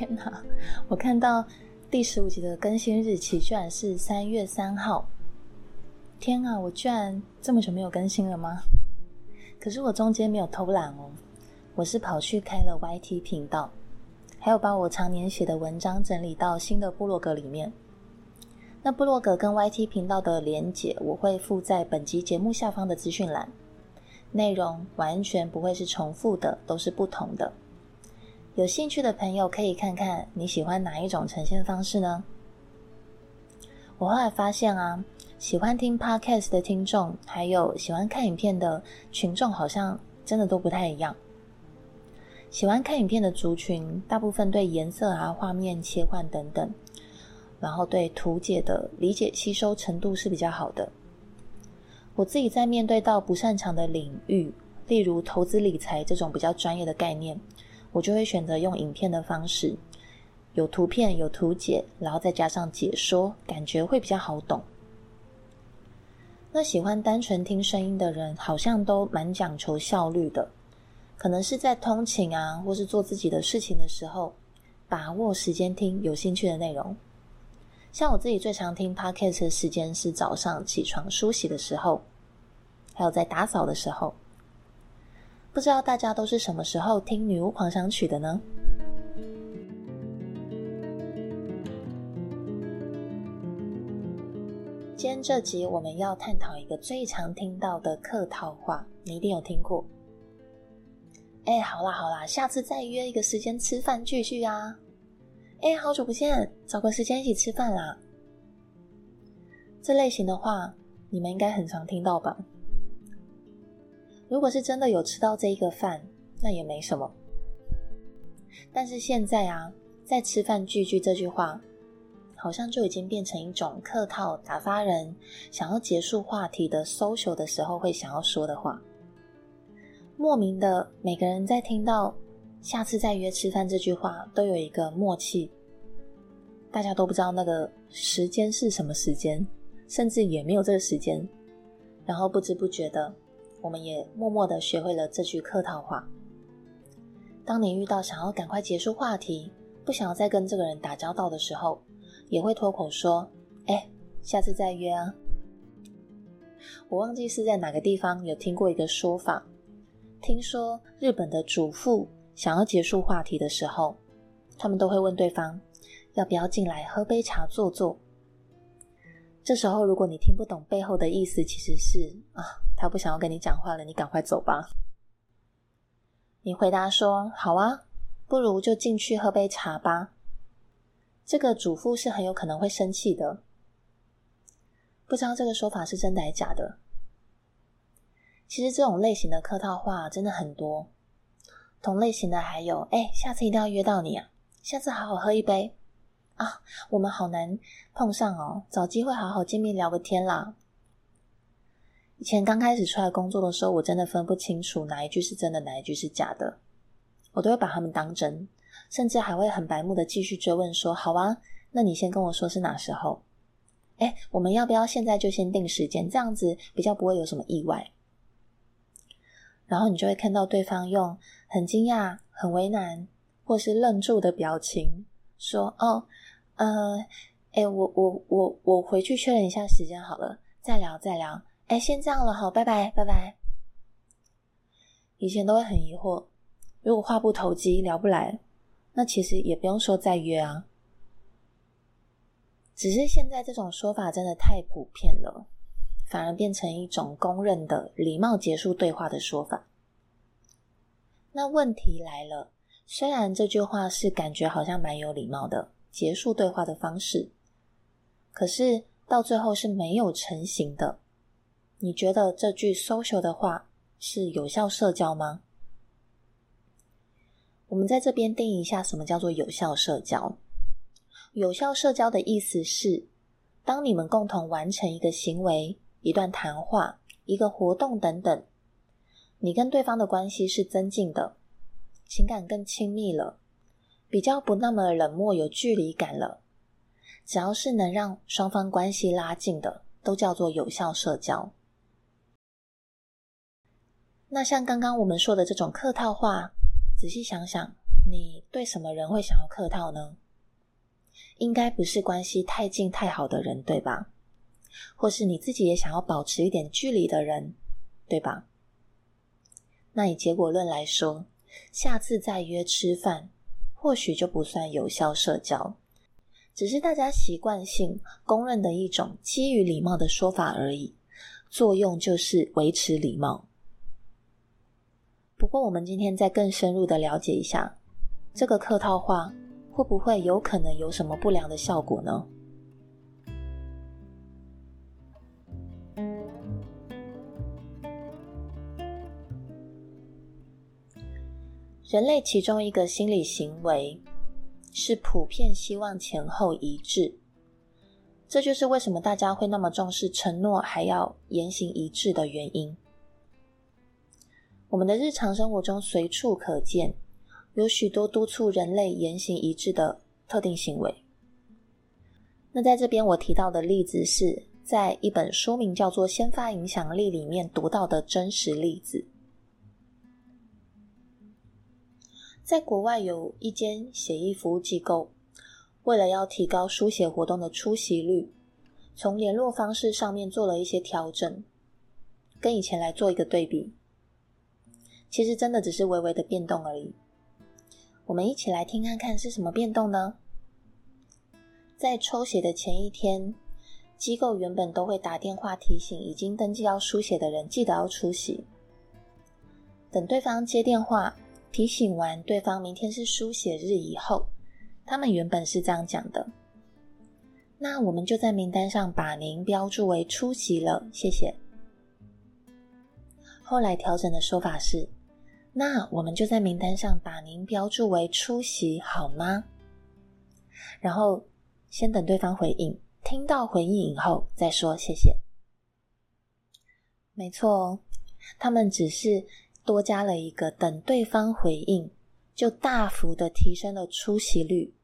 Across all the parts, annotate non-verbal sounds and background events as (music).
天哪！我看到第十五集的更新日期居然是三月三號。天啊，我居然這麼久沒有更新了嗎？可是我中間沒有偷懶哦，我是跑去開了 YT 頻道，還有把我常年寫的文章整理到新的部落格裡面。那部落格跟 YT 頻道的連結，我會附在本集節目下方的資訊欄。內容完全不會是重複的，都是不同的。有興趣的朋友可以看看你喜歡哪一種呈現方式呢？我後來發現啊，喜歡聽 podcast 的聽眾，還有喜歡看影片的群眾，好像真的都不太一樣。喜歡看影片的族群，大部分對顏色啊、畫面切換等等，然後對圖解的理解吸收程度是比較好的。我自己在面對到不擅長的領域，例如投資理財這種比較專業的概念，我就會選擇用影片的方式，有圖片、有圖解，然後再加上解說，感覺會比較好懂。那喜歡單純聽聲音的人，好像都蠻講求效率的，可能是在通勤啊，或是做自己的事情的時候，把握時間聽有興趣的內容。像我自己最常聽 Podcast 的時間是早上起床梳洗的時候，還有在打掃的時候。不知道大家都是什麼時候聽《女巫狂想曲》的呢？今天這集我們要探討一個最常聽到的客套話，你一定有聽過。哎，好啦好啦，下次再約一個時間吃飯聚聚啊！哎，好久不見，找個時間一起吃飯啦。這類型的話，你們應該很常聽到吧？如果是真的有吃到這一個飯，那也沒什麼。但是現在啊，在吃飯句句這句話，好像就已經變成一種客套，打發人想要結束話題的 social 的時候會想要說的話。莫名的，每個人在聽到下次再約吃飯這句話，都有一個默契。大家都不知道那個時間是什麼時間，甚至也沒有這個時間，然後不知不覺的。我們也默默的學會了這句客套話。當你遇到想要趕快結束話題，不想要再跟這個人打交道的時候，也會脫口說：“哎，下次再約啊。”我忘記是在哪個地方有聽過一個說法，聽說日本的主婦想要結束話題的時候，他們都會問對方：“要不要進來喝杯茶坐坐？”這時候，如果你聽不懂背後的意思，其實是啊，他不想要跟你講話了，你趕快走吧。你回答說：“好啊，不如就進去喝杯茶吧。”這個主婦是很有可能會生氣的。不知道這個說法是真的還是假的。其實這種類型的客套話真的很多。同類型的還有，哎，下次一定要約到你啊，下次好好喝一杯。啊，我們好難碰上哦，找機會好好見面聊個天啦。以前剛開始出來工作的時候，我真的分不清楚哪一句是真的，哪一句是假的，我都會把他們當真，甚至還會很白目的繼續追問說：“好啊，那你先跟我說是哪時候？”哎、欸，我們要不要現在就先定時間，這樣子比較不會有什麼意外？然後你就會看到對方用很驚訝、很為難或是愣住的表情說：“哦。”呃，哎，我我我我回去確認一下時間好了，再聊再聊。哎，先這樣了，好，拜拜拜拜。以前都會很疑惑，如果話不投機聊不來，那其實也不用說再約啊。只是現在這種說法真的太普遍了，反而變成一種公認的禮貌結束對話的說法。那問題來了，雖然這句話是感覺好像蠻有禮貌的，結束對話的方式，可是到最後是沒有成型的。你覺得這句 social 的話是有效社交嗎？我們在這邊定義一下，什麼叫做有效社交？有效社交的意思是，當你們共同完成一個行為、一段談話、一個活動等等，你跟對方的關係是增進的，情感更親密了。比較不那麼冷漠，有距離感了。只要是能讓雙方關係拉近的，都叫做有效社交。那像剛剛我們說的這種客套話，仔細想想，你對什麼人會想要客套呢？應該不是關係太近太好的人，對吧？或是你自己也想要保持一點距離的人，對吧？那以結果論來說，下次再約吃飯。或許就不算有效社交，只是大家習慣性公認的一種基於禮貌的說法而已，作用就是維持禮貌。不過，我們今天再更深入的了解一下，這個客套話會不會有可能有什麼不良的效果呢？人類其中一個心理行為是普遍希望前後一致，這就是為什麼大家會那麼重視承諾，還要言行一致的原因。我們的日常生活中隨處可見，有許多督促人類言行一致的特定行為。那在這邊我提到的例子是，是在一本書名叫做《先發影響力》裡面讀到的真實例子。在國外有一間協議服務機構，為了要提高書寫活動的出席率，從聯絡方式上面做了一些調整，跟以前來做一個對比。其實真的只是微微的變動而已。我們一起來聽看看是什麼變動呢？在抽血的前一天，機構原本都會打電話提醒已經登記要書寫的人，記得要出席。等對方接電話。提醒完對方明天是書寫日以後，他們原本是這樣講的：“那我們就在名單上把您標注為出席了，謝謝。”後來調整的說法是：“那我們就在名單上把您標注為出席好嗎？”然後先等對方回應，聽到回應以後再說謝謝。沒錯，他們只是，多加了一個等對方回應，就大幅的提升了出席率，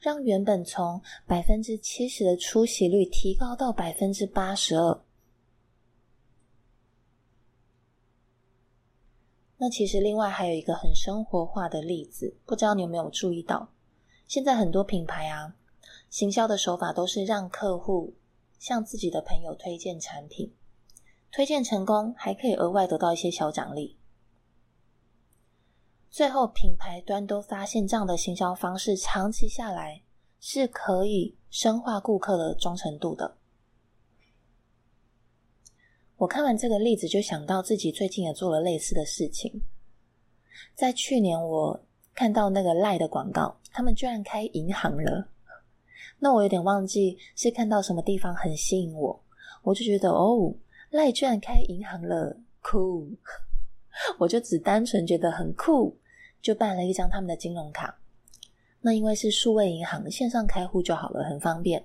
讓原本從百分之七十的出席率提高到百分之八十二。那其實另外還有一個很生活化的例子，不知道你有沒有注意到？現在很多品牌啊，行銷的手法都是讓客戶向自己的朋友推薦產品，推薦成功還可以額外得到一些小獎勵。最後，品牌端都發現這樣的行銷方式，長期下來是可以深化顧客的忠誠度的。我看完這個例子，就想到自己最近也做了類似的事情。在去年，我看到那個賴的廣告，他們居然開銀行了。那我有點忘記是看到什麼地方很吸引我，我就覺得哦，賴居然開銀行了，Cool！我就只單純覺得很酷，就辦了一張他們的金融卡。那因為是數位銀行，線上開戶就好了，很方便。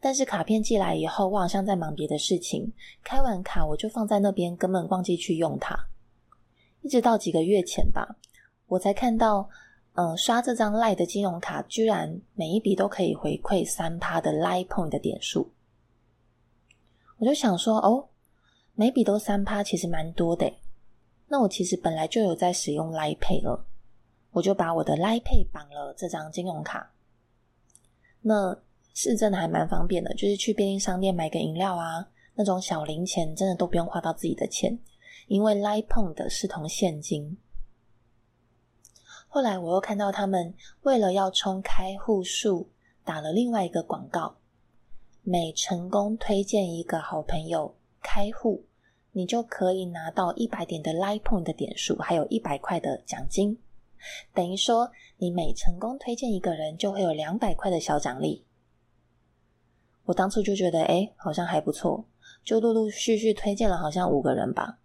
但是卡片寄來以後，我好像在忙別的事情，開完卡我就放在那邊，根本忘記去用它。一直到幾個月前吧，我才看到，嗯、呃，刷這張 LINE 的金融卡，居然每一筆都可以回饋三趴的 LINE Point 的點數。我就想說，哦，每筆都三趴，其實蠻多的。那我其實本來就有在使用 LINE Pay 了我就把我的 LINE Pay 綁了這張金融卡。那是真的還蠻方便的，就是去便利商店買個飲料啊，那種小零錢真的都不用花到自己的錢，因為 LINE Points 是同現金。後來我又看到他們為了要衝開戶數，打了另外一個廣告，每成功推薦一個好朋友開戶。你就可以拿到一百點的 Line Point 的點數，還有一百塊的獎金。等於說，你每成功推薦一個人，就會有兩百塊的小獎勵。我當初就覺得，誒、欸、好像還不錯，就陸陸續續推薦了好像五個人吧。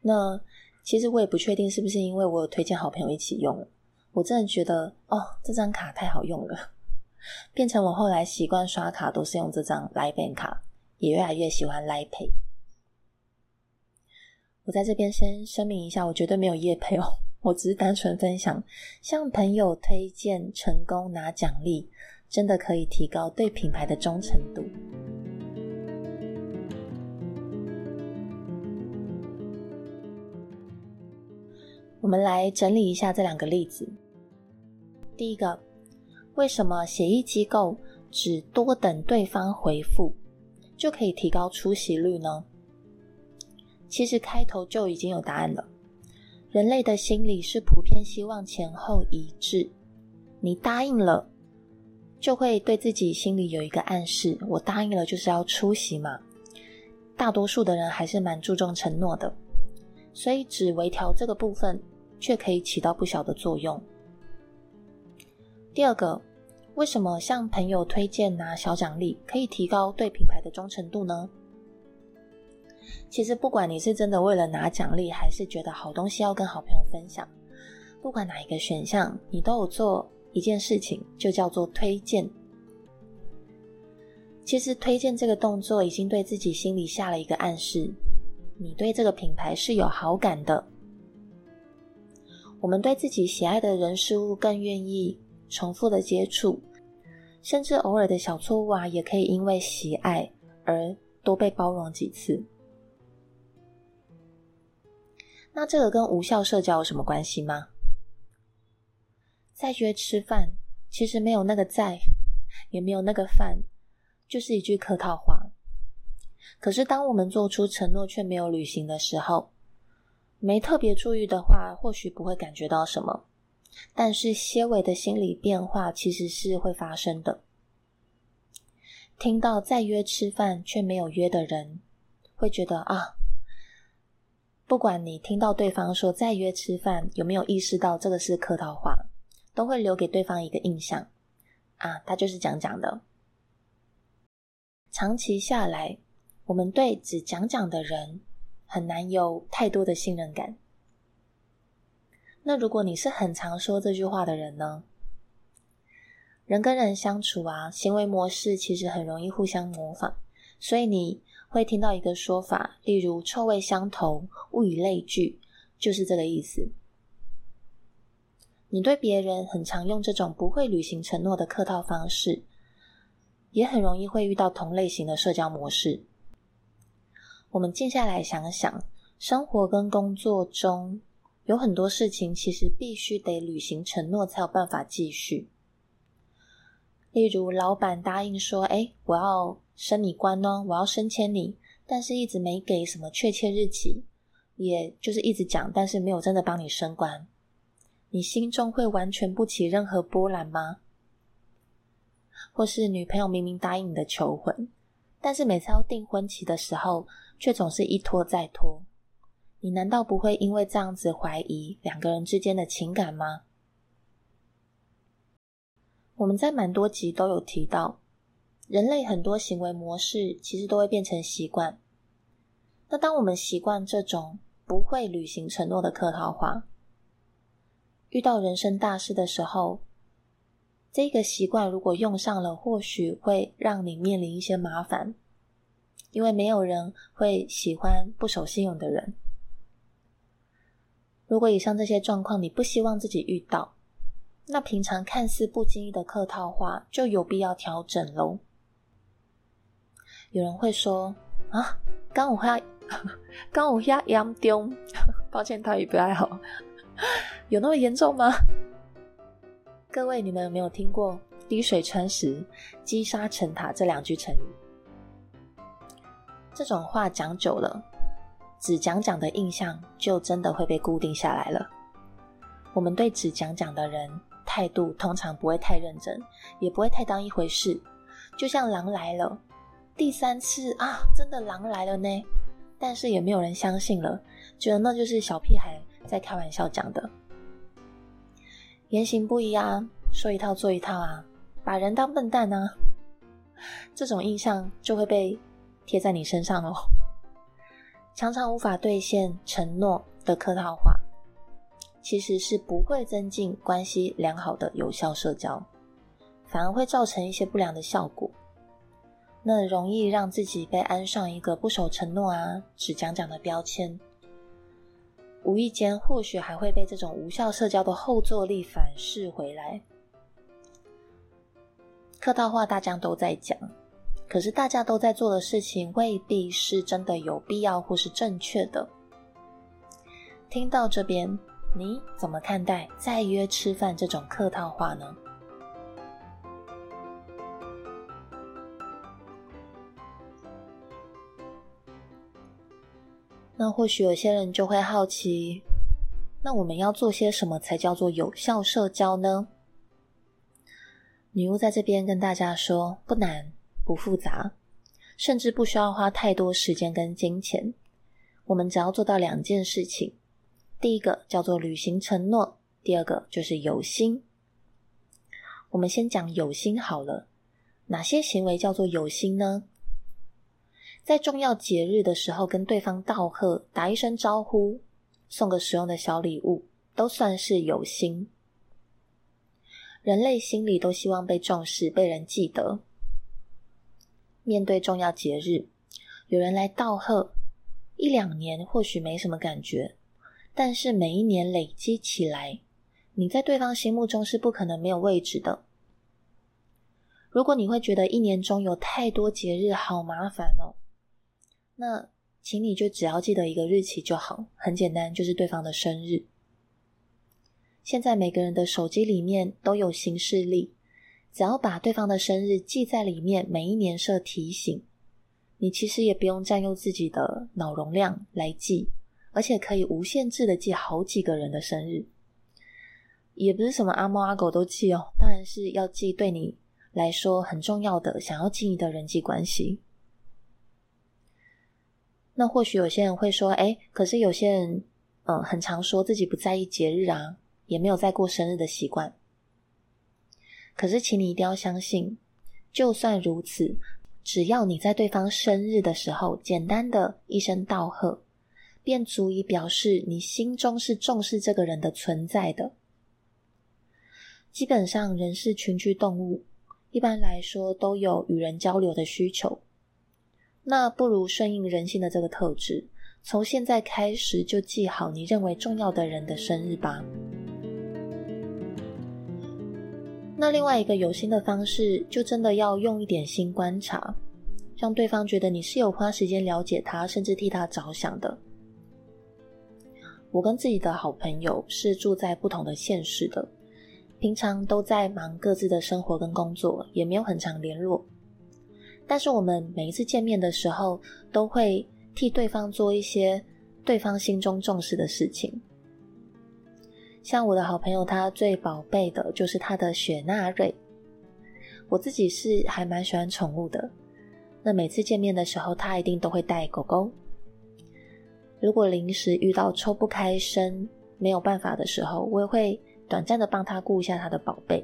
那其實我也不確定是不是因為我有推薦好朋友一起用，我真的覺得哦，這張卡太好用了，變成我後來習慣刷卡都是用這張 Line Pay 卡，也越來越喜歡 Line Pay。我在這邊先聲明一下，我絕對沒有業配哦，我只是單純分享，向朋友推薦成功拿獎勵，真的可以提高對品牌的忠誠度。嗯、我們來整理一下這兩個例子。第一個，為什麼協議機構只多等對方回復，就可以提高出席率呢？其實開頭就已經有答案了。人類的心理是普遍希望前後一致，你答應了，就會對自己心裡有一個暗示：我答應了就是要出席嘛。大多數的人還是蠻注重承諾的，所以只微調這個部分，卻可以起到不小的作用。第二個，為什麼向朋友推薦拿、啊、小獎勵可以提高對品牌的忠誠度呢？其實，不管你是真的為了拿獎勵，還是覺得好東西要跟好朋友分享，不管哪一個選項，你都有做一件事情，就叫做推薦。其實，推薦這個動作已經對自己心裡下了一個暗示，你對這個品牌是有好感的。我們對自己喜愛的人事物更願意重複的接觸，甚至偶爾的小錯誤啊，也可以因為喜愛而多被包容幾次。那這個跟無效社交有什麼關係嗎？再約吃飯，其實沒有那個再，也沒有那個飯，就是一句客套話。可是當我們做出承諾卻沒有履行的時候，沒特別注意的話，或許不會感覺到什麼。但是些微的心理變化其實是會發生的。聽到再約吃飯卻沒有約的人，會覺得啊。不管你聽到對方說再約吃飯，有沒有意識到這個是客套話，都會留給對方一個印象，啊，他就是講講的。長期下來，我們對只講講的人很難有太多的信任感。那如果你是很常說這句話的人呢？人跟人相處啊，行為模式其實很容易互相模仿，所以你，會聽到一個說法，例如“臭味相投，物以類聚”，就是這個意思。你對別人很常用這種不會履行承諾的客套方式，也很容易會遇到同類型的社交模式。我們靜下來想想，生活跟工作中有很多事情，其實必須得履行承諾才有辦法繼續。例如，老闆答應說：“誒，我要。”升你官哦，我要升遷你，但是一直沒給什麼確切日期，也就是一直講，但是沒有真的幫你升官，你心中會完全不起任何波瀾嗎？或是女朋友明明答應你的求婚，但是每次要訂婚期的時候，却總是一拖再拖，你難道不會因為這樣子懷疑兩個人之間的情感嗎？我們在蠻多集都有提到。人類很多行為模式其實都會變成習慣。那當我們習慣這種不會履行承諾的客套話，遇到人生大事的時候，這個習慣如果用上了，或許會讓你面臨一些麻煩，因為沒有人會喜歡不守信用的人。如果以上這些狀況你不希望自己遇到，那平常看似不經意的客套話就有必要調整嘍。有人會說：“啊，剛我下，剛我下，央丟，抱歉，台語不太好，有那麼嚴重嗎？”各位，你們有沒有聽過“滴水穿石，積沙成塔”這兩句成語？這種話講久了，只講講的印象就真的會被固定下來了。我們對只講講的人態度通常不會太認真，也不會太當一回事，就像狼來了。第三次啊，真的狼來了呢，但是也沒有人相信了，覺得那就是小屁孩在開玩笑講的，言行不一啊，說一套做一套啊，把人當笨蛋呢、啊，這種印象就會被貼在你身上哦。常常無法兌現承諾的客套話，其實是不會增進關係良好的有效社交，反而會造成一些不良的效果。那容易讓自己被安上一個不守承諾啊、只講講的標籤，無意間或許還會被這種無效社交的後坐力反噬回來。客套話大家都在講，可是大家都在做的事情未必是真的有必要或是正確的。聽到這邊，你怎麼看待再約吃飯這種客套話呢？那或許有些人就會好奇，那我們要做些什麼才叫做有效社交呢？女巫在這邊跟大家說，不難，不複雜，甚至不需要花太多時間跟金錢。我們只要做到兩件事情：第一個叫做履行承諾，第二個就是有心。我們先講有心好了。哪些行為叫做有心呢？在重要節日的時候，跟對方道賀、打一聲招呼、送個實用的小禮物，都算是有心。人類心裡都希望被重視、被人記得。面對重要節日，有人來道賀，一兩年或許沒什麼感覺，但是每一年累積起來，你在對方心目中是不可能沒有位置的。如果你會覺得一年中有太多節日，好麻煩哦。那，請你就只要記得一個日期就好，很簡單，就是對方的生日。現在每個人的手機裡面都有行事曆，只要把對方的生日記在裡面，每一年設提醒。你其實也不用佔用自己的腦容量來記，而且可以無限制的記好幾個人的生日，也不是什麼阿貓阿狗都記哦，當然是要記對你來說很重要的、想要經營的人際關係。那或許有些人會說：“哎，可是有些人，嗯、呃，很常說自己不在意節日啊，也沒有在過生日的習慣。可是，請你一定要相信，就算如此，只要你在對方生日的時候，簡單的一聲道賀，便足以表示你心中是重視這個人的存在的。基本上，人是群居動物，一般來說都有與人交流的需求。”那不如順應人性的這個特質，從現在開始就記好你認為重要的人的生日吧。那另外一個有心的方式，就真的要用一點心觀察，讓對方覺得你是有花時間了解他，甚至替他着想的。我跟自己的好朋友是住在不同的縣市的，平常都在忙各自的生活跟工作，也沒有很常聯絡。但是我們每一次見面的時候，都會替對方做一些對方心中重視的事情。像我的好朋友，他最寶貝的就是他的雪納瑞。我自己是還蠻喜歡寵物的，那每次見面的時候，他一定都會帶狗狗。如果臨時遇到抽不開身，沒有辦法的時候，我也會短暫的幫他顧一下他的寶貝。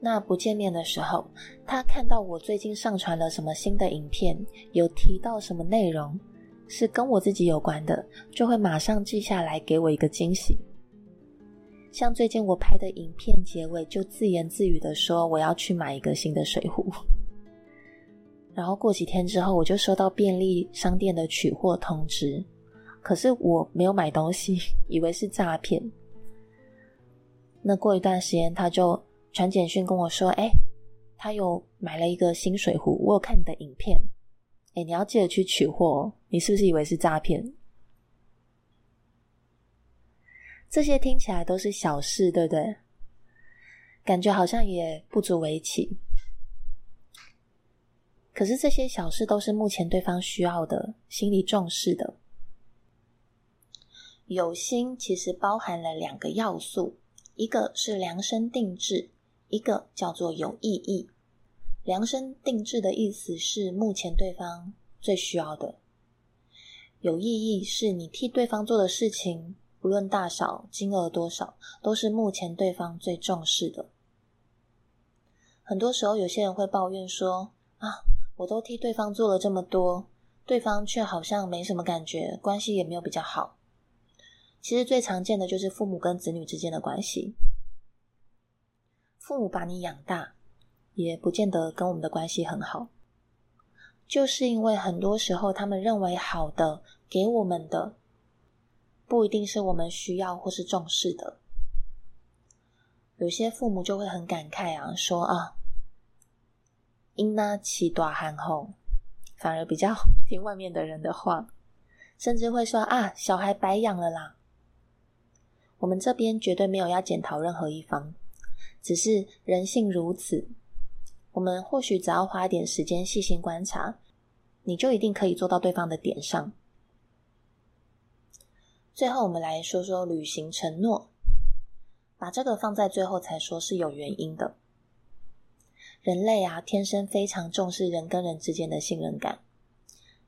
那不見面的時候，他看到我最近上傳了什麼新的影片，有提到什麼內容，是跟我自己有關的，就會馬上記下來，給我一個驚喜。像最近我拍的影片結尾，就自言自語的說：“我要去買一個新的水壺。”然後過幾天之後，我就收到便利商店的取貨通知，可是我沒有買東西，以為是詐騙。那過一段時間，他就……傳簡訊跟我說：“欸，他有買了一個新水壺，我有看你的影片，欸，你要記得去取貨。你是不是以為是詐騙？這些聽起來都是小事，對不對？感覺好像也不足為奇。可是這些小事都是目前對方需要的、心裡重視的。有心其實包含了兩個要素，一個是量身定制。”一個叫做有意義，量身定制的意思是目前對方最需要的。有意義是你替對方做的事情，不論大小、金額多少，都是目前對方最重視的。很多時候，有些人會抱怨說：“啊，我都替對方做了這麼多，對方卻好像沒什麼感覺，關係也沒有比較好。”其實最常見的就是父母跟子女之間的關係。父母把你養大，也不見得跟我們的關係很好，就是因為很多時候他們認為好的，給我們的，不一定是我們需要或是重視的。有些父母就會很感慨啊，說啊，因那起大漢後，反而比較聽外面的人的話，甚至會說啊，小孩白養了啦。我們這邊絕對沒有要檢討任何一方。只是人性如此，我們或許只要花一點時間細心觀察，你就一定可以做到對方的點上。最後，我們來說說履行承諾，把這個放在最後才說是有原因的。人類啊，天生非常重視人跟人之間的信任感，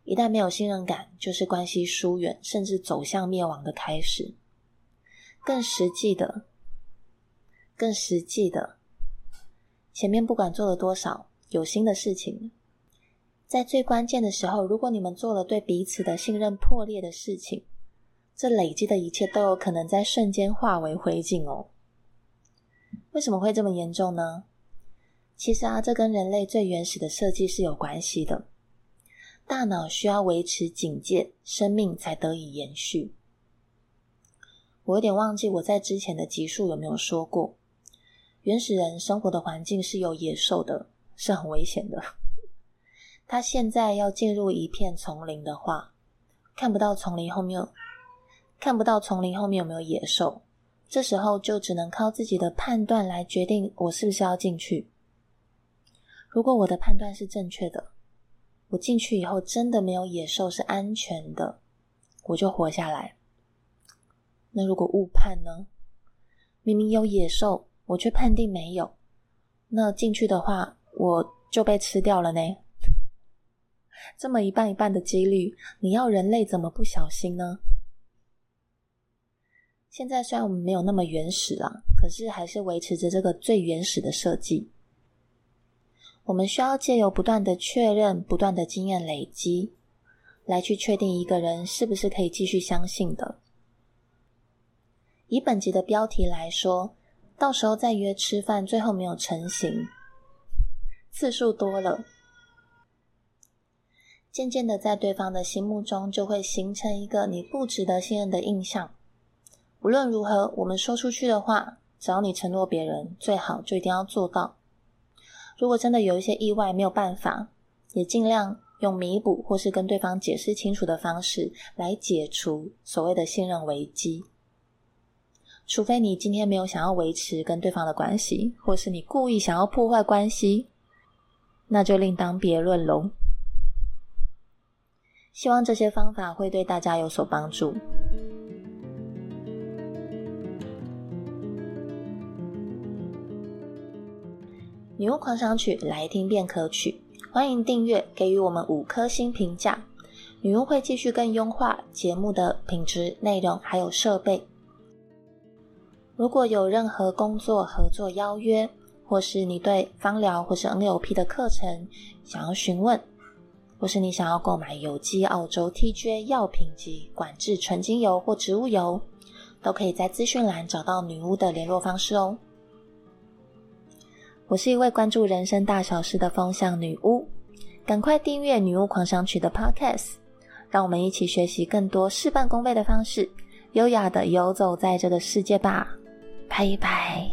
一旦沒有信任感，就是關係疏遠，甚至走向滅亡的開始。更實際的，更實際的，前面不管做了多少有心的事情，在最關鍵的時候，如果你們做了對彼此的信任破裂的事情，這累積的一切都有可能在瞬間化為灰燼哦。為什麼會這麼嚴重呢？其實啊，這跟人類最原始的設計是有關係的。大腦需要維持警戒，生命才得以延續。我有點忘記我在之前的集數有沒有說過。原始人生活的環境是有野獸的，是很危險的。 (laughs) 他現在要進入一片叢林的話，看不到叢林後面有，看不到叢林後面有沒有野獸。這時候就只能靠自己的判斷來決定，我是不是要進去。如果我的判斷是正確的，我進去以後真的沒有野獸，是安全的，我就活下來。那如果誤判呢？明明有野獸。我卻判定沒有，那進去的話，我就被吃掉了呢。這麼一半一半的幾率，你要人類怎麼不小心呢？現在雖然我們沒有那麼原始了啊，可是還是維持着這個最原始的設計。我們需要借由不斷的確認、不斷的經驗累積，來去確定一個人是不是可以繼續相信的。以本集的標題來說。到時候再約吃飯，最後沒有成型，次數多了，漸漸的在對方的心目中就會形成一個你不值得信任的印象。無論如何，我們說出去的話，只要你承諾別人，最好就一定要做到。如果真的有一些意外沒有辦法，也盡量用彌補或是跟對方解釋清楚的方式來解除所謂的信任危機。除非你今天沒有想要維持跟對方的關係，或是你故意想要破壞關係，那就另當別論囉，希望這些方法會對大家有所幫助。女巫狂想曲來聽便可取，歡迎訂閱，給予我們五顆星評價。女巫會繼續更優化節目的品質、內容還有設備。如果有任何工作合作邀約，或是你對芳療或是 NLP 的課程想要詢問，或是你想要購買有機澳洲 TGA 藥品級管制純精油或植物油，都可以在資訊欄找到女巫的聯絡方式哦。我是一位關注人生大小事的風向女巫，趕快訂閱《女巫狂想曲》的 Podcast，讓我們一起學習更多事半功倍的方式，優雅的遊走在這個世界吧。拜拜。